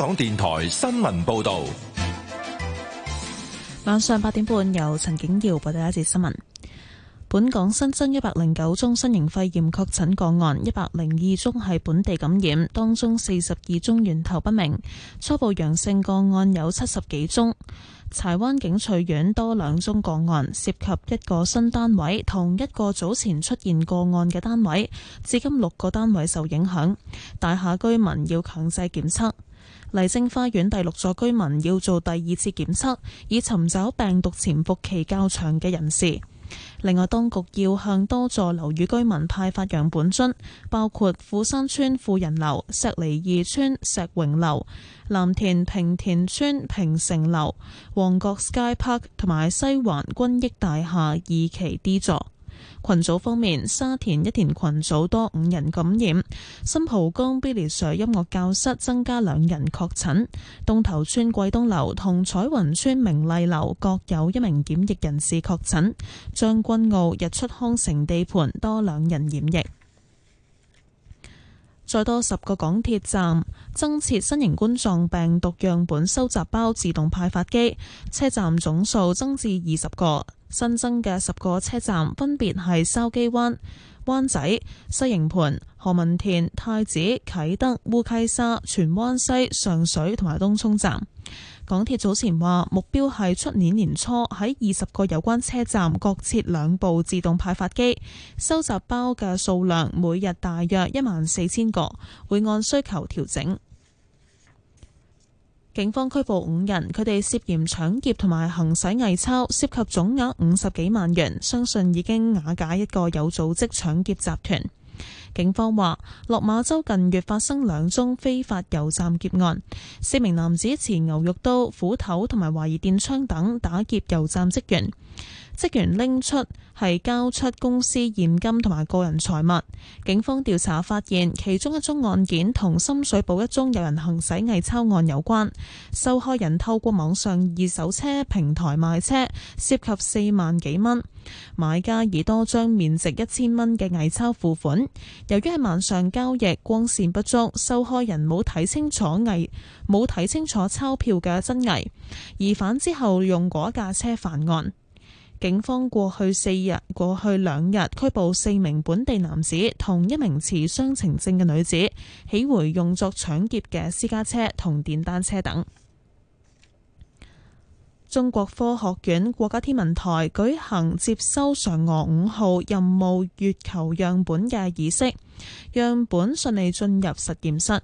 港電台新聞報道，晚上八點半由陳景耀報道一節新聞。本港新增一百零九宗新型肺炎確診個案，一百零二宗係本地感染，當中四十二宗源頭不明。初步陽性個案有七十幾宗。柴灣景翠苑多兩宗個案，涉及一個新單位同一個早前出現個案嘅單位，至今六個單位受影響，大廈居民要強制檢測。麗晶花園第六座居民要做第二次檢測，以尋找病毒潛伏期較長嘅人士。另外，當局要向多座樓宇居民派發樣本樽，包括富山村富人樓、石梨二村石榮樓、藍田平田村平城樓、旺角 Sky Park 同埋西環均益大廈二期 D 座。群組方面，沙田一田群組多五人感染，新蒲崗 Billy Sir 音樂教室增加兩人確診，東頭村桂東樓同彩雲村明麗樓各有一名檢疫人士確診，將軍澳日出康城地盤多兩人染疫，再多十個港鐵站增設新型冠狀病毒樣本收集包自動派發機，車站總數增至二十個。新增嘅十個車站分別係筲箕灣、灣仔、西營盤、何文田、太子、啟德、烏溪沙、荃灣西、上水同埋東涌站。港鐵早前話目標係出年年初喺二十個有關車站各設兩部自動派發機，收集包嘅數量每日大約一萬四千個，會按需求調整。警方拘捕五人，佢哋涉嫌搶劫同埋行使偽鈔，涉及總額五十幾萬元，相信已經瓦解一個有組織搶劫集團。警方話，落馬洲近月發生兩宗非法油站劫案，四名男子持牛肉刀、斧頭同埋懷疑電槍等打劫油站職員。職員拎，出係交出公司現金同埋個人財物。警方調查發現，其中一宗案件同深水埗一宗有人行使偽鈔案有關。受害人透過網上二手車平台賣車，涉及四萬幾蚊，買家以多張面值一千蚊嘅偽鈔付款。由於係晚上交易，光線不足，受害人冇睇清楚偽冇睇清楚鈔票嘅真偽，疑犯之後用嗰架車犯案。警方過去四日、過去兩日拘捕四名本地男子同一名持雙程證嘅女子，起回用作搶劫嘅私家車同電單車等。中國科學院國家天文台舉行接收嫦娥五號任務月球樣本嘅儀式，樣本順利進入實驗室。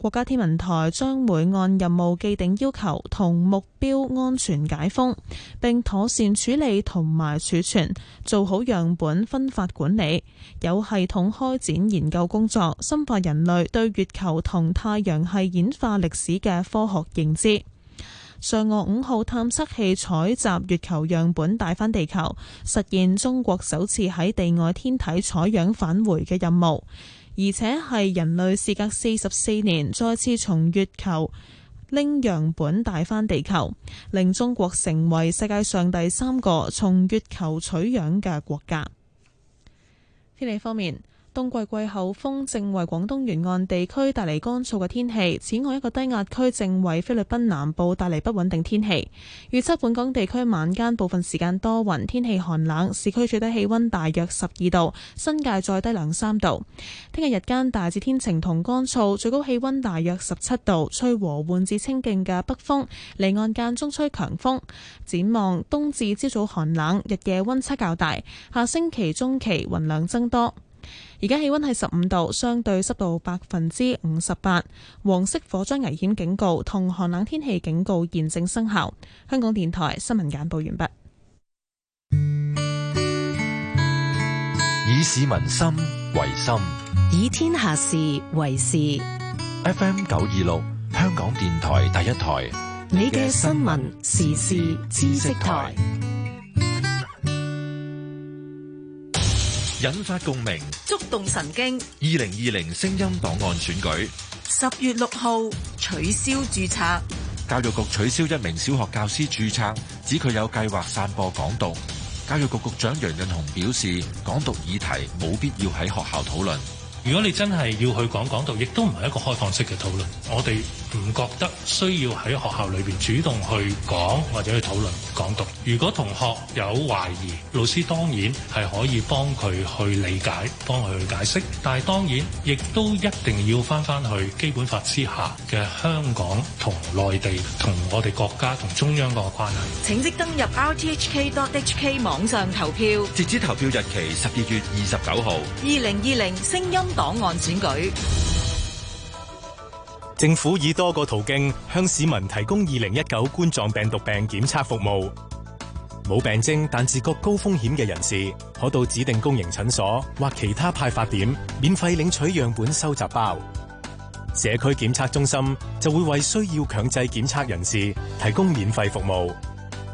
國家天文台將會按任務既定要求同目標安全解封，並妥善處理同埋儲存，做好樣本分發管理，有系統開展研究工作，深化人類對月球同太陽系演化歷史嘅科學認知。嫦娥五號探測器採集月球樣本帶返地球，實現中國首次喺地外天體採樣返回嘅任務。而且係人類時隔四十四年再次從月球拎樣本帶返地球，令中國成為世界上第三個從月球取樣嘅國家。天氣方面。冬季季候風正為廣東沿岸地區帶嚟乾燥嘅天氣。此外，一個低壓區正為菲律賓南部帶嚟不穩定天氣。預測本港地區晚間部分時間多雲，天氣寒冷，市區最低氣溫大約十二度，新界再低兩三度。聽日日間大致天晴同乾燥，最高氣溫大約十七度，吹和緩至清勁嘅北風，離岸間中吹強風。展望冬至朝早寒冷，日夜溫差較大。下星期中期雲量增多。而家氣温係十五度，相對濕度百分之五十八。黃色火災危險警告同寒冷天氣警告現正生效。香港電台新聞簡報完畢。以市民心為心，以天下事為事。FM 九二六，香港電台第一台，你嘅新聞時事知識台。引發共鳴，觸動神經。二零二零聲音檔案選舉，十月六號取消註冊。教育局取消一名小學教師註冊，指佢有計劃散播港獨。教育局局長楊潤雄表示，港獨議題冇必要喺學校討論。如果你真係要去講港獨，亦都唔係一個開放式嘅討論。我哋唔覺得需要喺學校裏邊主動去講或者去討論港獨。如果同學有懷疑，老師當然係可以幫佢去理解，幫佢去解釋。但係當然亦都一定要翻翻去基本法之下嘅香港同內地同我哋國家同中央個關係。請即登入 rthk.hk 網上投票，截止投票日期十二月二十九號。二零二零聲音。檔案展舉，政府以多個途徑向市民提供二零一九冠狀病毒病檢測服務。冇病徵但自覺高風險嘅人士，可到指定公營診所或其他派發點免費領取樣本收集包。社區檢測中心就會為需要強制檢測人士提供免費服務。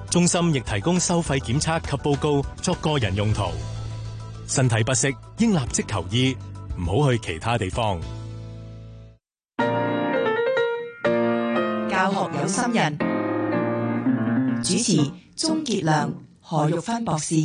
中心亦提供收費檢測及報告，作個人用途。身體不適，應立即求醫。唔好去其他地方。教學有心人，主持鍾杰亮、何玉芬博士。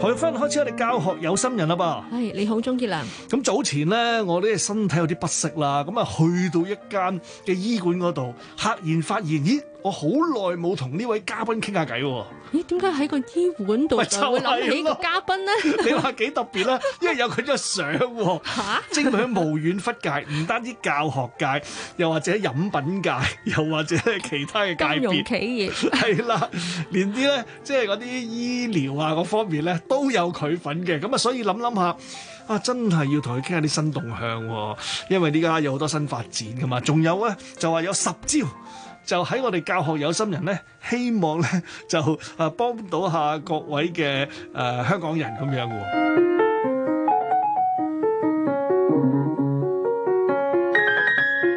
何玉芬，開始我哋教學有心人啦噃。係，你好，鍾杰亮。咁早前咧，我呢身體有啲不適啦，咁啊去到一間嘅醫館嗰度，赫然發現，咦？我好耐冇同呢位嘉賓傾下偈喎。咦？點解喺個醫院度就會諗起個嘉賓咧、就是？你話幾特別啦， 因為有佢張相喎。嚇、啊！證明喺無遠弗屆，唔單止教學界，又或者飲品界，又或者其他嘅金融企業係啦， 連啲咧即係嗰啲醫療啊嗰方面咧都有佢份嘅。咁啊，所以諗諗下啊，真係要同佢傾下啲新動向喎、啊。因為呢家有好多新發展噶嘛。仲有咧，就話有十招。就喺我哋教學有心人咧，希望咧就啊幫到下各位嘅、呃、香港人咁樣喎。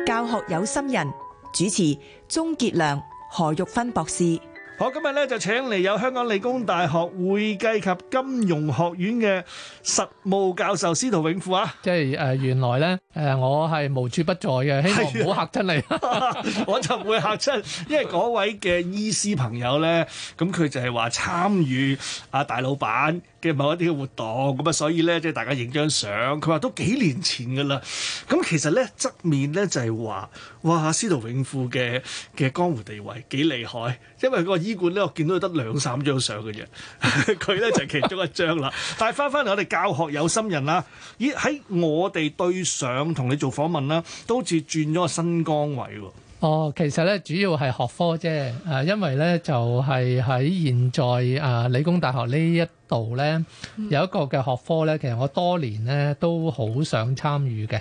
教學有心人主持：鍾傑良、何玉芬博士。我今日咧就請嚟有香港理工大學會計及金融學院嘅實務教授司徒永富啊，即係誒原來咧誒我係無處不在嘅，希望唔好嚇親你，我就唔會嚇親，因為嗰位嘅醫師朋友咧，咁佢就係話參與啊大老闆嘅某一啲嘅活動，咁啊所以咧即係大家影張相，佢話都幾年前噶啦，咁其實咧側面咧就係話哇司徒永富嘅嘅江湖地位幾厲害，因為個醫。主管咧，我見到佢得兩三張相嘅啫，佢 咧 就係其中一張啦。但係翻返嚟我哋教學有心人啦，咦？喺我哋對上同你做訪問啦，都好似轉咗個新崗位喎。哦，其實咧主要係學科啫，啊，因為咧就係喺現在啊理工大學呢一度咧有一個嘅學科咧，其實我多年咧都好想參與嘅。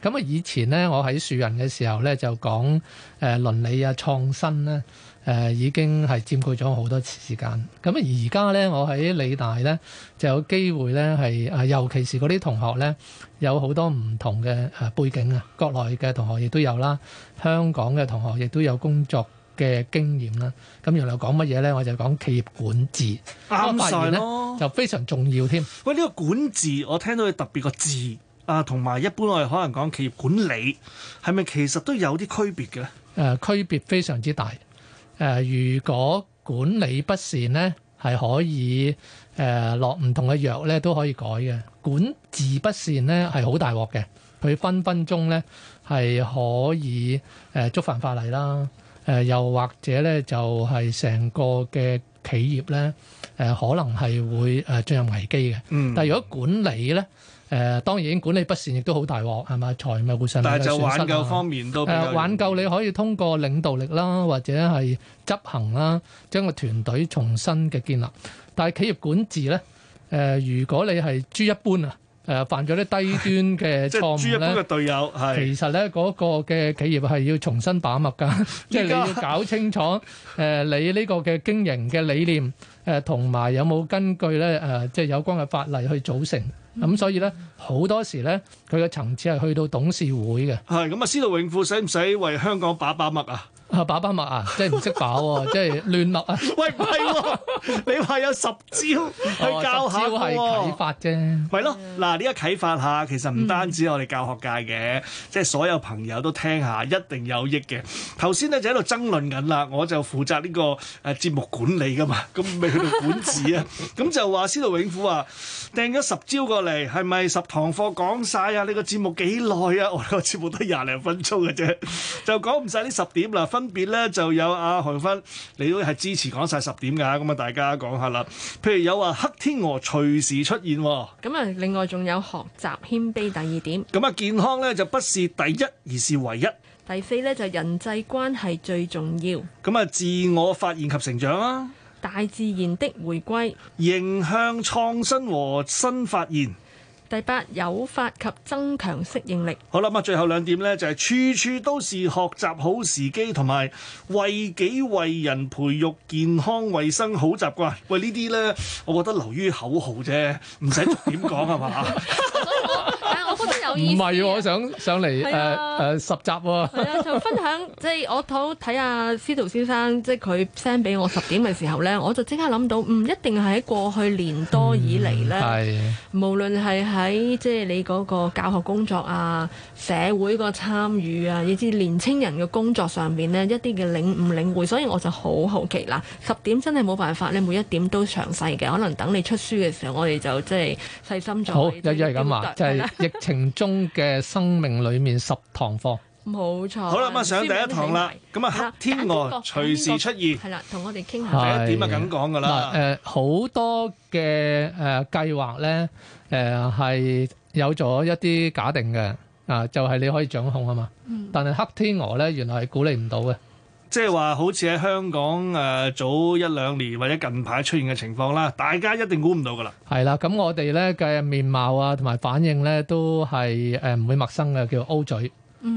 咁啊，以前咧我喺樹人嘅時候咧就講誒倫理啊創新咧。誒、呃、已經係佔據咗好多時間。咁而家呢，我喺理大呢就有機會呢，係、呃、誒，尤其是嗰啲同學呢，有好多唔同嘅誒、呃、背景啊。國內嘅同學亦都有啦，香港嘅同學亦都有工作嘅經驗啦。咁原來講乜嘢呢？我就講企業管治啱曬咯，就非常重要添。喂，呢、呢個管治我聽到佢特別個字啊，同埋一般我哋可能講企業管理係咪其實都有啲區別嘅咧？誒、呃，區別非常之大。誒、呃，如果管理不善咧，係可以誒落唔同嘅藥咧，都可以改嘅。管治不善咧，係好大鑊嘅。佢分分鐘咧係可以誒、呃、觸犯法例啦。誒、呃，又或者咧就係、是、成個嘅企業咧、呃、可能係會誒、呃、進入危機嘅。嗯，但係如果管理咧，誒，當然管理不善亦都好大鑊，係咪財務上嘅損失。但係就挽救方面都，誒挽救你可以通過領導力啦，或者係執行啦，將個團隊重新嘅建立。但係企業管治咧誒，如果你係豬一般啊，誒，犯咗啲低端嘅錯誤咧，豬一般嘅隊友，其實咧嗰個嘅企業係要重新把握㗎，即係你要搞清楚誒你呢個嘅經營嘅理念誒，同埋有冇根據咧誒，即係有關嘅法例去組成。咁、嗯、所以咧，好多時咧，佢嘅層次係去到董事會嘅。係咁啊，司徒永富使唔使為香港把把脈啊？啊，把把脈啊，即係唔識把喎，即係亂脈啊！喂，唔係喎，你話有十招去教下喎，十招係啟發啫，係咯，嗱呢啲啟發下，其實唔單止我哋教學界嘅，即係所有朋友都聽下，一定有益嘅。頭先咧就喺度爭論緊啦，我就負責呢個誒節目管理噶嘛，咁未去到管治啊，咁就話司徒永富話訂咗十招過嚟，係咪十堂課講曬啊？呢個節目幾耐啊？我個節目得廿零分鐘嘅啫，就講唔曬呢十點啦，分。分別咧就有阿、啊、韓芬，你都係支持講晒十點㗎，咁啊大家講下啦。譬如有話、啊、黑天鵝隨時出現，咁啊，另外仲有學習謙卑，第二點。咁啊，健康咧就不是第一，而是唯一。第四咧就人際關係最重要。咁啊，自我發現及成長啊，大自然的回歸，迎向創新和新發現。第八，有法及增強適應力。好啦，咁最後兩點呢、就是，就係處處都是學習好時機，同埋為己為人培育健康衞生好習慣。喂，呢啲呢，我覺得流於口號啫，唔使逐點講，係嘛？ 是吧 唔係、啊，我想上嚟誒誒十集喎、啊。啊，就分享即係 我好睇下司徒先生，即係佢 send 俾我十點嘅時候咧， 我就即刻諗到，唔、嗯、一定係喺過去年多以嚟咧、嗯，無論係喺即係你嗰個教學工作啊、社會個參與啊，以至年青人嘅工作上面咧一啲嘅領悟領會，所以我就好好奇啦，十點真係冇辦法，咧每一點都詳細嘅，可能等你出書嘅時候，我哋就即係細心咗。好，一、就是、樣咁啊，就係、是、疫情中。中嘅生命裏面十堂課，冇錯。好啦，咁啊上第一堂啦。咁啊，黑天鵝隨時出現。係啦，同我哋傾下點解咁講㗎啦。誒，好多嘅誒計劃咧，誒係有咗一啲假定嘅啊，就係你可以掌控啊嘛。嗯。但係黑天鵝咧，原來係估你唔到嘅。即係話好似喺香港誒早一兩年或者近排出現嘅情況啦，大家一定估唔到噶啦。係啦，咁我哋咧嘅面貌啊同埋反應咧都係誒唔會陌生嘅，叫做 O 嘴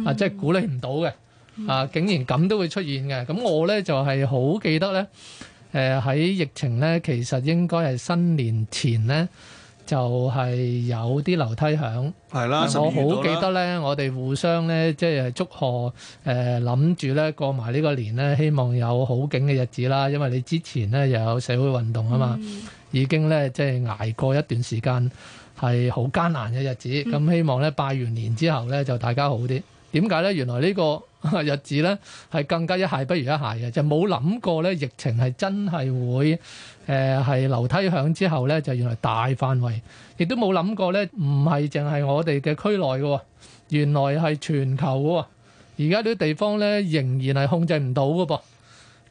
啊，即係估你唔到嘅啊，竟然咁都會出現嘅。咁我咧就係好記得咧誒喺疫情咧，其實應該係新年前咧。就係、是、有啲樓梯響，係啦。我好記得呢，我哋互相呢，即係祝賀誒，諗住呢過埋呢個年呢，希望有好景嘅日子啦。因為你之前呢，又有社會運動啊嘛、嗯，已經呢，即係捱過一段時間係好艱難嘅日子，咁希望呢，拜完年之後呢，就大家好啲。點解呢？原來呢、這個日子咧係更加一蟹不如一蟹嘅，就冇諗過咧疫情係真係會誒係樓梯響之後咧，就原來大範圍，亦都冇諗過咧唔係淨係我哋嘅區內嘅，原來係全球嘅。而家啲地方咧仍然係控制唔到嘅噃，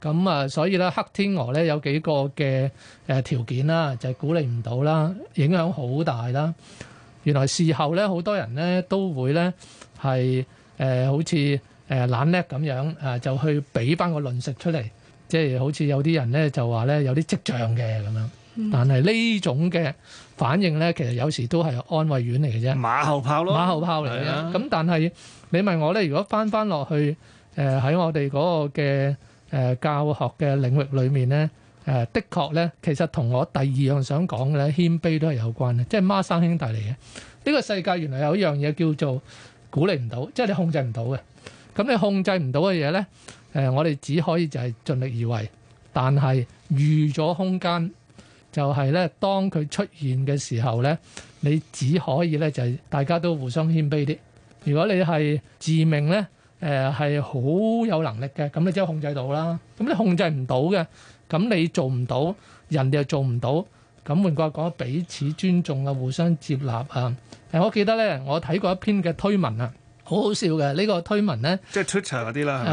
咁啊，所以咧黑天鵝咧有幾個嘅誒條件啦，就係鼓勵唔到啦，影響好大啦。原來事後咧好多人咧都會咧係誒好似。誒懶叻咁樣啊，就去俾翻個論述出嚟，即係好似有啲人咧就話咧有啲跡象嘅咁樣。但係呢種嘅反應咧，其實有時都係安慰丸嚟嘅啫，馬後炮咯，馬後炮嚟嘅。咁但係你問我咧，如果翻翻落去誒喺我哋嗰個嘅誒教學嘅領域裏面咧，誒的確咧其實同我第二樣想講嘅咧謙卑都係有關嘅，即係孖生兄弟嚟嘅。呢個世界原來有一樣嘢叫做鼓勵唔到，即係你控制唔到嘅。咁你控制唔到嘅嘢呢，呃，我哋只可以就係盡力而為，但係預咗空間，就係呢當佢出現嘅時候呢，你只可以呢，就係大家都互相謙卑啲。如果你係致命呢，呃，係好有能力嘅，咁你即係控制到啦。咁你控制唔到嘅，咁你做唔到，人哋又做唔到，咁換句話講，彼此尊重啊，互相接納啊。呃，我記得呢，我睇過一篇嘅推文啊。好好笑嘅呢、呢個推文咧，即係 Twitter 嗰啲啦，係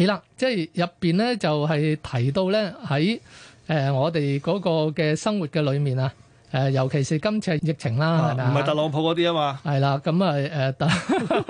咪？啦、呃，即係入邊咧就係、是就是、提到咧喺誒我哋嗰個嘅生活嘅裏面啊，誒、呃、尤其是今次疫情啦，係、啊、咪？唔係特朗普嗰啲啊嘛，係啦，咁啊誒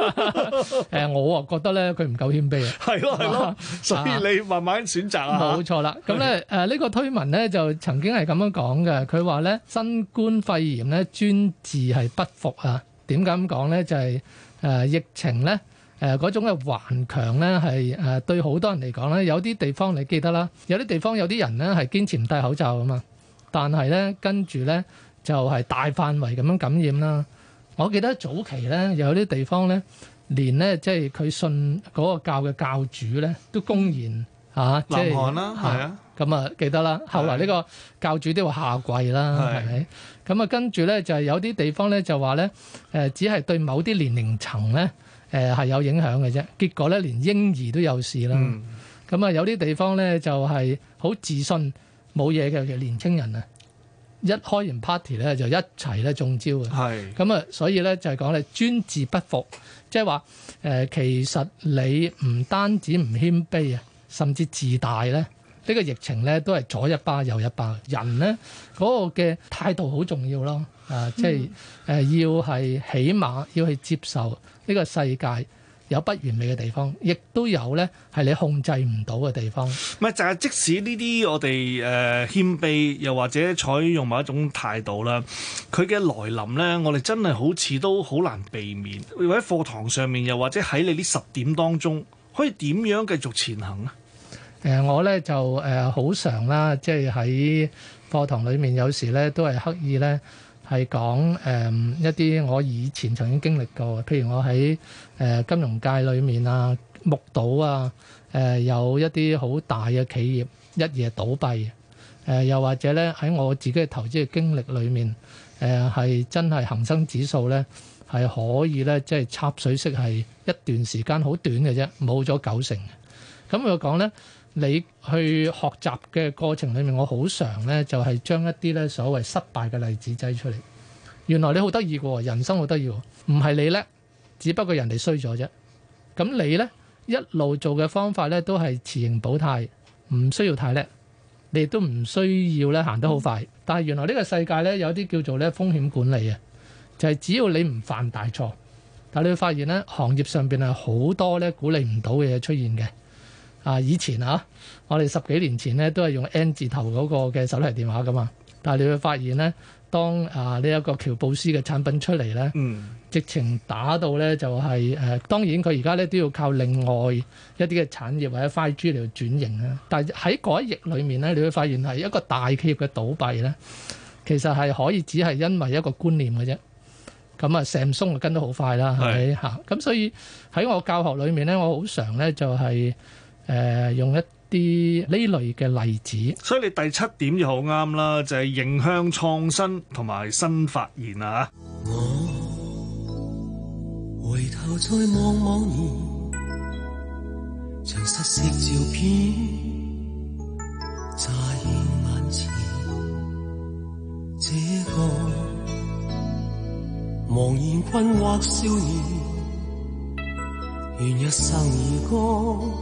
誒，我覺得咧佢唔夠謙卑啊，係咯係咯，所以你慢慢選擇啊，冇錯啦。咁咧誒呢個推文咧就曾經係咁樣講嘅，佢話咧新冠肺炎咧專治係不服啊，點解咁講咧就係、是。誒、啊、疫情咧，誒、啊、嗰種嘅頑強咧，係誒、啊、對好多人嚟講咧，有啲地方你記得啦，有啲地方有啲人咧係堅持唔戴口罩咁嘛，但係咧跟住咧就係、是、大範圍咁樣感染啦。我記得早期咧有啲地方咧連咧即係佢信嗰個教嘅教主咧都公然。嚇、啊，南韓啦，係啊，咁啊，啊記得啦。後嚟呢個教主都話下跪啦，係咪咁啊？跟住咧就係有啲地方咧就話咧，誒只係對某啲年齡層咧誒係有影響嘅啫。結果咧連嬰兒都有事啦。咁、嗯、啊、嗯、有啲地方咧就係、是、好自信冇嘢嘅年青人啊，一開完 party 咧就一齊咧中招嘅。係咁啊，所以咧就係講你專治不服，即係話誒，其實你唔單止唔謙卑啊。甚至自大咧，呢個疫情咧都係左一巴右一巴，人咧嗰個嘅態度好重要咯，啊、呃，即係嗯呃要係起碼要去接受呢個世界有不完美嘅地方，亦都有咧係你控制唔到嘅地方。唔係就係即使呢啲我哋誒、呃、謙卑，又或者採用某一種態度啦，佢嘅來臨咧，我哋真係好似都好難避免。喺課堂上面，又或者喺你呢十點當中，可以點樣繼續前行咧？呃、我咧就誒好、呃、常啦，即係喺課堂裏面有時咧都係刻意咧係講誒、呃、一啲我以前曾經經歷過，譬如我喺、呃、金融界裏面啊，目睹啊誒、呃、有一啲好大嘅企業一夜倒閉，誒、呃、又或者咧喺我自己嘅投資嘅經歷裏面，誒、呃、係真係恒生指數咧係可以咧即係插水式係一段時間好短嘅啫，冇咗九成嘅，咁我講咧。你去學習嘅過程裡面，我好常呢就係將一啲咧所謂失敗嘅例子擠出嚟。原來你好得意喎，人生好得意喎，唔係你叻，只不過人哋衰咗啫。咁你呢一路做嘅方法呢都係持盈保泰，唔需要太叻，你亦都唔需要咧行得好快。但係原來呢個世界呢，有啲叫做咧風險管理啊，就係只要你唔犯大錯，但係你會發現呢行業上面係好多呢鼓勵唔到嘅嘢出現嘅。啊！以前啊，我哋十幾年前咧都係用 N 字頭嗰個嘅手提電話噶嘛，但係你會發現咧，當啊呢一、這個喬布斯嘅產品出嚟咧、嗯，直情打到咧就係、是、誒、呃，當然佢而家咧都要靠另外一啲嘅產業或者 5G 嚟去轉型啊。但係喺嗰一役裏面咧，你會發現係一個大企業嘅倒閉咧，其實係可以只係因為一個觀念嘅啫。咁啊，Samsung 跟得好快啦，係咪嚇？咁所以喺我教學裏面咧，我好常咧就係、是。誒、呃、用一啲呢類嘅例子，所以你第七點就好啱啦，就係、是、迎向創新同埋新發現啊！我回頭再望望，年，像失色照片乍現眼前，這個茫然困惑少年，願一生而歌。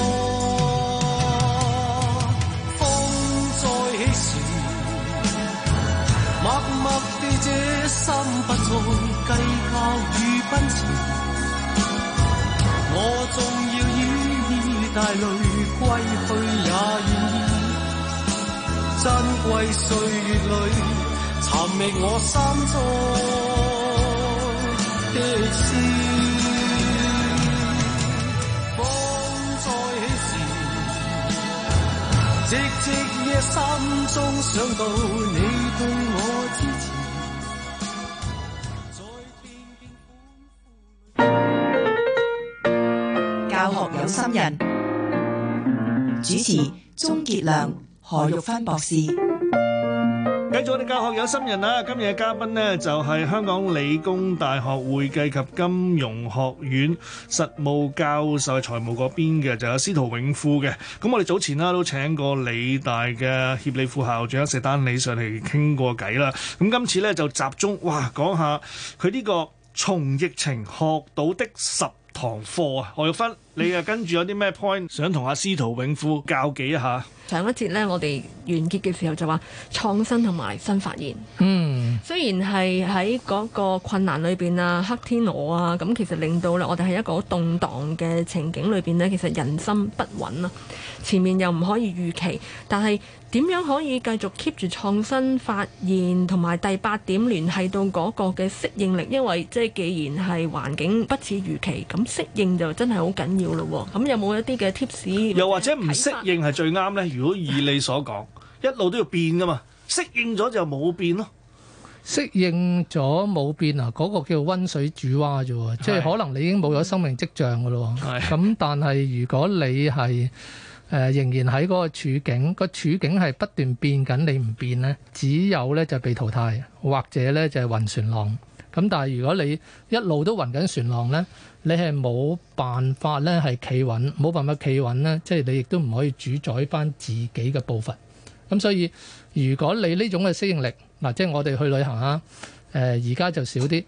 默默地，這心不再計較與奔馳。我縱要衣帶淚歸去也願意。珍貴歲月裏，尋覓我心中的詩。教學有心人，嗯、主持：鍾杰良、何玉芬博士。做我哋教學有心人啦！今日嘅嘉賓咧就係香港理工大學會計及金融學院實務教授、財務嗰邊嘅，就有司徒永富嘅。咁我哋早前啦都請過理大嘅協理副校長石丹理上嚟傾過偈啦。咁今次咧就集中哇講下佢呢個從疫情學到的十堂課啊！何玉芬。你又跟住有啲咩 point 想同阿司徒永富教幾一下？上一節咧，我哋完結嘅時候就話創新同埋新發現嗯，hmm. 雖然係喺嗰個困難裏邊啊、黑天鵝啊，咁其實令到咧，我哋係一個好動盪嘅情景裏邊咧，其實人心不穩啊，前面又唔可以預期，但係點樣可以繼續 keep 住創新、發現同埋第八點聯繫到嗰個嘅適應力？因為即係既然係環境不似預期，咁適應就真係好緊要。要咯喎，咁有冇一啲嘅 tips？又或者唔適應係最啱呢？如果以你所講，一路都要變噶嘛，適應咗就冇變咯。適應咗冇變啊，嗰個叫溫水煮蛙啫喎，即係可能你已經冇咗生命跡象噶咯喎。咁但係如果你係誒仍然喺嗰個處境，個處境係不斷變緊，你唔變呢，只有呢就係被淘汰，或者呢就係暈船浪。咁但係如果你一路都暈緊船浪呢，你係冇辦法呢，係企穩，冇辦法企穩呢，即係你亦都唔可以主宰翻自己嘅部分。咁所以如果你呢種嘅適應力嗱，即係我哋去旅行啊，而家就少啲，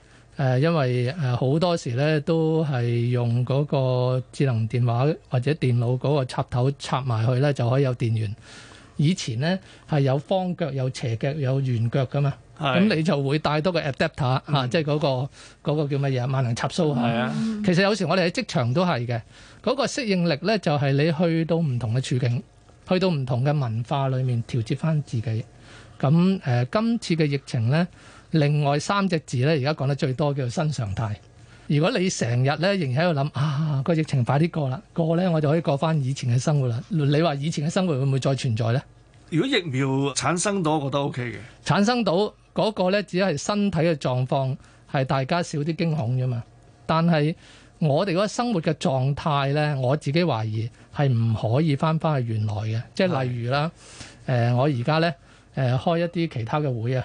因為好多時呢都係用嗰個智能電話或者電腦嗰個插頭插埋去呢，就可以有電源。以前呢，係有方腳、有斜腳、有圓腳噶嘛。咁你就會帶多個 adapter 即係嗰個嗰、嗰個、叫乜嘢萬能插蘇。其實有時我哋喺職場都係嘅，嗰、嗰個適應力呢，就係、係、你去到唔同嘅處境，去到唔同嘅文化裏面調節翻自己。咁、呃、今次嘅疫情呢，另外三隻字呢，而家講得最多叫做新常態。如果你成日呢，仍然喺度諗，啊，個疫情快啲過啦，過呢我就可以過翻以前嘅生活啦。你話以前嘅生活會唔會再存在呢？如果疫苗產生到，我覺得 OK 嘅。產生到嗰個咧，只係身體嘅狀況係大家少啲驚恐啫嘛。但係我哋個生活嘅狀態咧，我自己懷疑係唔可以翻返去原來嘅。即係例如啦，誒、呃、我而家咧誒開一啲其他嘅會啊，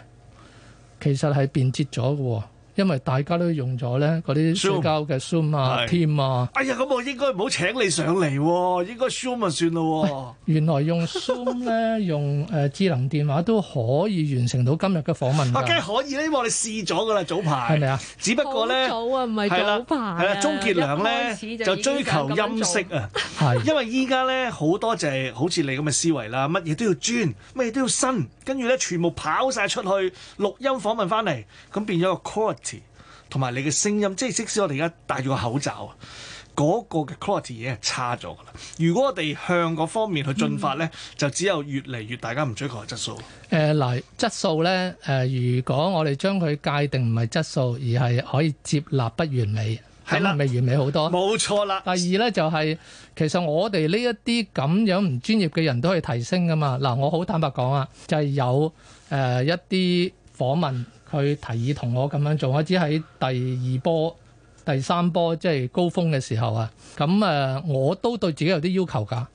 其實係便捷咗嘅。因為大家都用咗咧嗰啲社交嘅 Zoom 啊、Team 啊，哎呀咁我應該唔好請你上嚟喎，應該 Zoom 就算咯。原來用 Zoom 咧， 用誒智能電話都可以完成到今日嘅訪問㗎。啊，梗係可以啦，因為我哋試咗㗎啦，早排。係咪啊？只不過咧，早啊，唔係早排。係啦，鍾傑良咧就，就追求音色啊，係， 因為依家咧好多就係好似你咁嘅思維啦，乜嘢都要專，乜嘢都要新。跟住咧，全部跑晒出去錄音訪問翻嚟，咁變咗個 quality 同埋你嘅聲音，即係即使我哋而家戴住個口罩嗰、嗰個 quality 已經係差咗噶啦。如果我哋向嗰方面去進發咧、嗯，就只有越嚟越大家唔追求嘅質素。誒、呃，嗱、呃，質素咧、呃，如果我哋將佢界定唔係質素，而係可以接納不完美。係啦，咪完美好多。冇錯啦。第二呢，就係，其實我哋呢一啲咁樣唔專業嘅人都可以提升㗎嘛。嗱，我好坦白講啊，就係有誒一啲訪問，佢提議同我咁樣做。我只喺第二波、第三波即係高峰嘅時候啊。咁誒，我都對自己有啲要求㗎，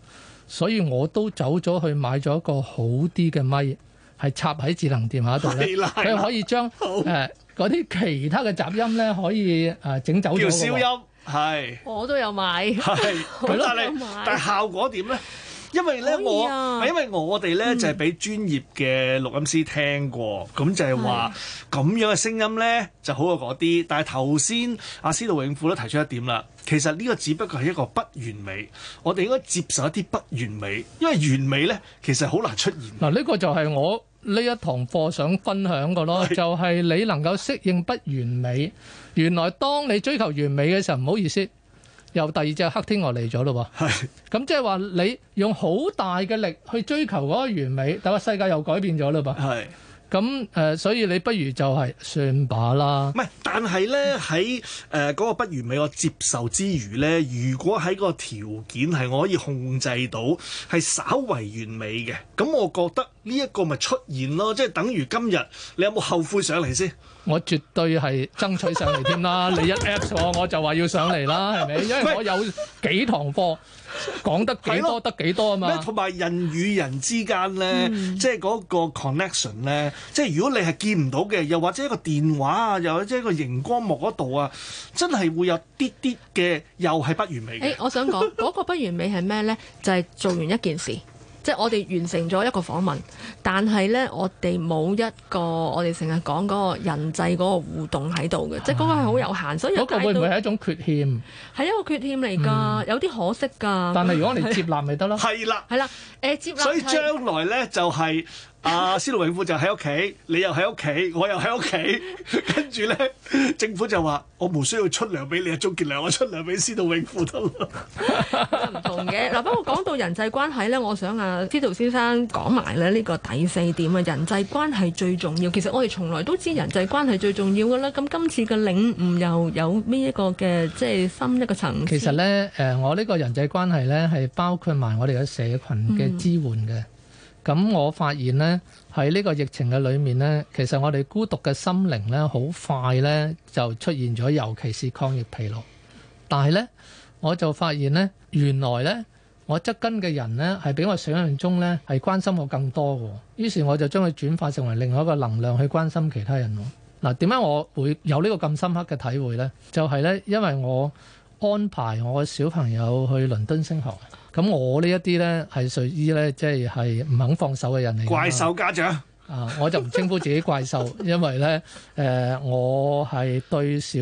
所以我都走咗去買咗一個好啲嘅咪，係插喺智能電話度咧，佢可以將誒。嗰啲其他嘅雜音咧，可以誒整、呃、走咗。叫消音係，我都有買。係， 但係 但係效果點咧？因為咧、啊、我，因為我哋咧、嗯、就係、是、俾專業嘅錄音師聽過，咁就係話咁樣嘅聲音咧就好過嗰啲。但係頭先阿司徒永富都提出一點啦，其實呢個只不過係一個不完美，我哋應該接受一啲不完美，因為完美咧其實好難出現。嗱、啊，呢、呢個就係我。呢一堂課想分享嘅咯，就係你能夠適應不完美。原來當你追求完美嘅時候，唔好意思，又第二隻黑天鵝嚟咗咯喎。係咁，即係話你用好大嘅力去追求嗰個完美，但係世界又改變咗喇喎。係。咁誒、呃，所以你不如就係算把啦。唔係，但係呢，喺誒嗰個不完美我接受之餘呢，如果喺個條件係我可以控制到，係稍為完美嘅，咁我覺得呢一個咪出現咯，即係等於今日你有冇後悔上嚟先？我絕對係爭取上嚟添啦， 你一 a p s 我，我就話要上嚟啦，係咪？因為我有幾堂課講 得幾多得幾多啊嘛。同埋人與人之間咧、嗯，即係嗰個 connection 咧，即係如果你係見唔到嘅，又或者一個電話啊，又或者一個熒光幕嗰度啊，真係會有啲啲嘅，又係不完美嘅、欸。我想講嗰 個不完美係咩咧？就係、是、做完一件事。即係我哋完成咗一個訪問，但係呢，我哋冇一個我哋成日講嗰個人際嗰個互動喺度嘅，即係嗰個係好有限，所以嗰、嗰個會唔會係一種缺欠？係一個缺欠嚟㗎，有啲可惜㗎。但係如果你接納咪得咯？係啦，係啦，誒、呃、接納、就係。所以將來呢、就係，就係。阿、 啊、司徒永富就喺屋企，你又喺屋企，我又喺屋企，跟住咧，政府就話：我唔需要出糧俾你啊！鍾健良，我出糧俾司徒永富得啦。唔同嘅嗱，不過講到人際關係咧，我想啊，司徒先生講埋咧呢個第四點啊，人際關係最重要。其實我哋從來都知人際關係最重要噶啦。咁今次嘅領悟又有邊一個嘅即係深一個層次？其實咧、呃，我呢個人際關係咧係包括埋我哋嘅社群嘅支援嘅。嗯咁我發現呢喺呢個疫情嘅裏面呢，其實我哋孤獨嘅心靈呢，好快呢就出現咗，尤其是抗疫疲勞。但係呢，我就發現呢，原來呢，我側近嘅人呢，係比我想像中呢，係關心我更多喎。於是我就將佢轉化成為另外一個能量去關心其他人。嗱、啊，點解我會有呢個咁深刻嘅體會呢？就係、是、呢，因為我安排我小朋友去倫敦升學咁我呢一啲咧係屬於咧，即係係唔肯放手嘅人嚟。怪獸家長。 啊！我就唔稱呼自己怪獸，因為咧誒、呃，我係對小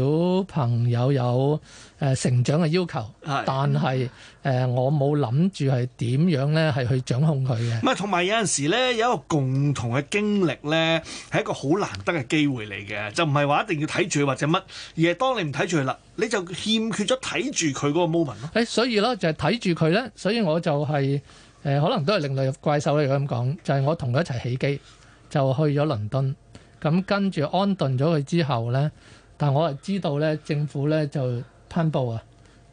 朋友有誒成長嘅要求，係，但係誒、呃，我冇諗住係點樣咧係去掌控佢嘅。咪同埋有陣時咧，有一個共同嘅經歷咧，係一個好難得嘅機會嚟嘅，就唔係話一定要睇住佢或者乜，而係當你唔睇住佢啦，你就欠缺咗睇住佢嗰個 moment 咯。誒、欸，所以咯就係睇住佢咧，所以我就係、是、誒、呃，可能都係另類怪獸嚟嘅，如果咁講，就係、是、我同佢一齊起機。就去咗倫敦，咁跟住安頓咗佢之後呢，但我係知道咧，政府呢就頒布啊，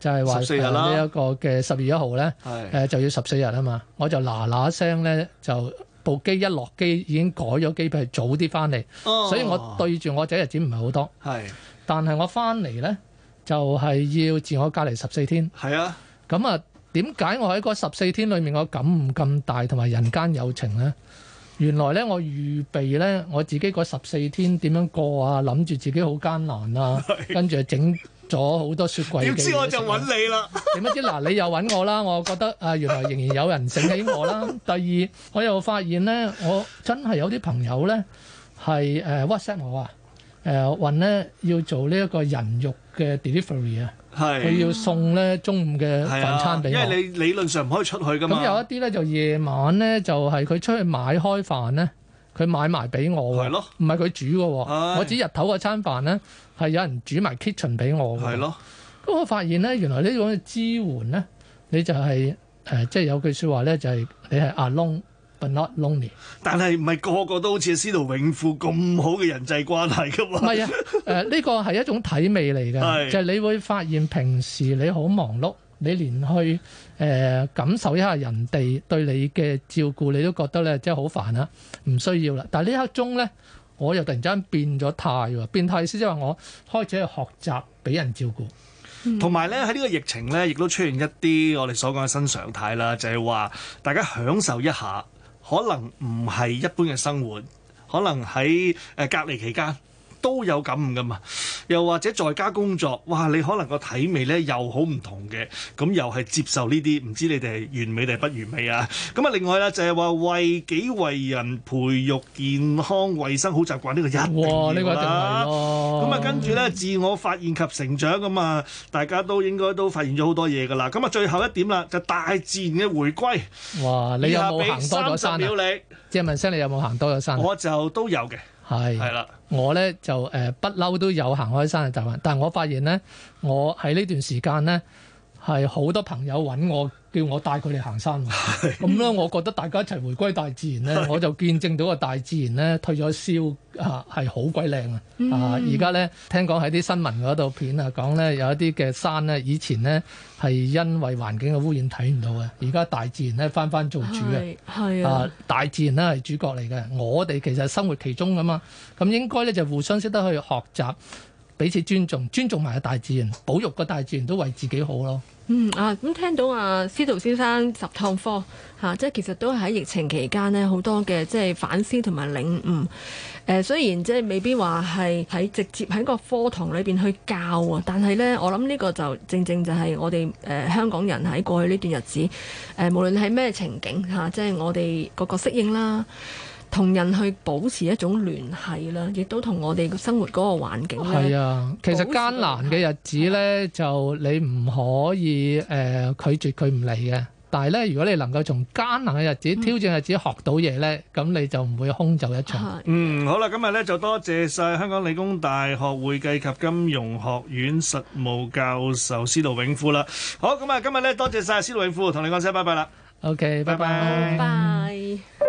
就係話十四日啦、呃。呢、這、一個嘅十月一號呢，誒、呃、就要十四日啊嘛，我就嗱嗱聲呢，就部機一落機已經改咗機票早啲翻嚟，oh、所以我對住我仔日子唔係好多。係，但係我翻嚟呢，就係、是、要自我隔離十四天。係啊，咁啊，點解我喺個十四天裡面我感悟咁大，同埋人間友情呢？原來咧，我預備咧，我自己嗰十四天點樣過啊？諗住自己好艱難啊，跟住整咗好多雪櫃要知我就揾你啦。點 不知嗱？你又揾我啦，我覺得啊、呃，原來仍然有人醒起我啦。 第二，我又發現咧，我真係有啲朋友咧係、呃、WhatsApp 我啊，誒揾咧要做呢一個人肉嘅 delivery 啊。係佢要送咧中午嘅飯餐俾你，啊，因為你理論上唔可以出去噶嘛。咁有一啲咧就夜晚咧就係、是、佢出去買開飯咧，佢買埋俾我喎，唔係佢煮嘅喎。我指日頭嗰餐飯咧係有人煮埋 kitchen 俾我嘅。咯，咁我發現咧原來呢種支援咧你就係、是、誒，即、呃、係、就是、有句説話咧就係、是、你係阿窿。But、not lonely，但係唔係個個都好似司徒永富咁好嘅人際關係噶嘛？唔 係啊，誒呢個係一種體味嚟嘅，就係、是、你會發現平時你好忙碌，你連去誒、呃、感受一下人哋對你嘅照顧，你都覺得咧即係好煩啊，唔需要啦。但係呢一刻中鐘咧，我又突然間變咗態喎。變態意思即係話我開始去學習俾人照顧，同埋咧喺呢個疫情咧，亦都出現一啲我哋所講嘅新常態啦，就係、是、話大家享受一下。可能唔係一般嘅生活，可能喺誒隔離期間。都有感悟噶嘛？又或者在家工作，哇！你可能個體味咧又好唔同嘅，咁又係接受呢啲。唔知你哋係完美定係不完美啊？咁啊，另外啦，就係話為己為人培育健康衞生好習慣，呢個一定要啦。呢個就係。咁啊，跟住咧自我發現及成長啊嘛，大家都應該都發現咗好多嘢噶啦。咁啊，最後一點啦，就大自然嘅回歸。哇！你有冇行多咗山啊？借問聲，你有冇行多咗山？我就都有嘅。係，係喇我咧就誒不嬲都有行開山嘅習慣，但係我發現咧，我喺呢段時間咧係好多朋友揾我。叫我帶佢哋行山，啊，咁咧，我覺得大家一齊回歸大自然呢， 我就見證到個大自然呢，退咗燒，啊，係好鬼靚啊！啊，而家呢，聽講喺啲新聞嗰度片啊講呢，有一啲嘅山呢，以前呢係因為環境嘅污染睇唔到嘅，而家大自然呢翻翻做主啊！係啊，大自然呢係主角嚟嘅，我哋其實是生活其中噶嘛，咁應該呢，就互相識得去學習，彼此尊重，尊重埋個大自然，保育個大自然都為自己好咯。嗯啊，咁聽到啊司徒先生十堂課，吓、啊，即係其實都係喺疫情期間呢，好多嘅即係反思同埋領悟。誒、啊，雖然即係未必話係喺直接喺個課堂裏面去教啊，但係呢，我諗呢個就正正就係我哋、啊、香港人喺過去呢段日子誒、啊，無論喺咩情景吓，即、啊、係、就是、我哋個個適應啦。同人去保持一種聯繫啦，亦都同我哋嘅生活嗰個環境咧。係啊，其實艱難嘅日子咧，就你唔可以誒拒絕佢唔嚟嘅。但係咧，如果你能夠從艱難嘅日子、挑戰嘅日子學到嘢咧，咁你就唔會空走一場。嗯，好啦，今日咧就多謝曬香港理工大學會計及金融學院實務教授司徒永富啦。好，咁啊，今日咧多謝曬司徒永富，同你講聲拜拜啦。OK，拜拜。拜。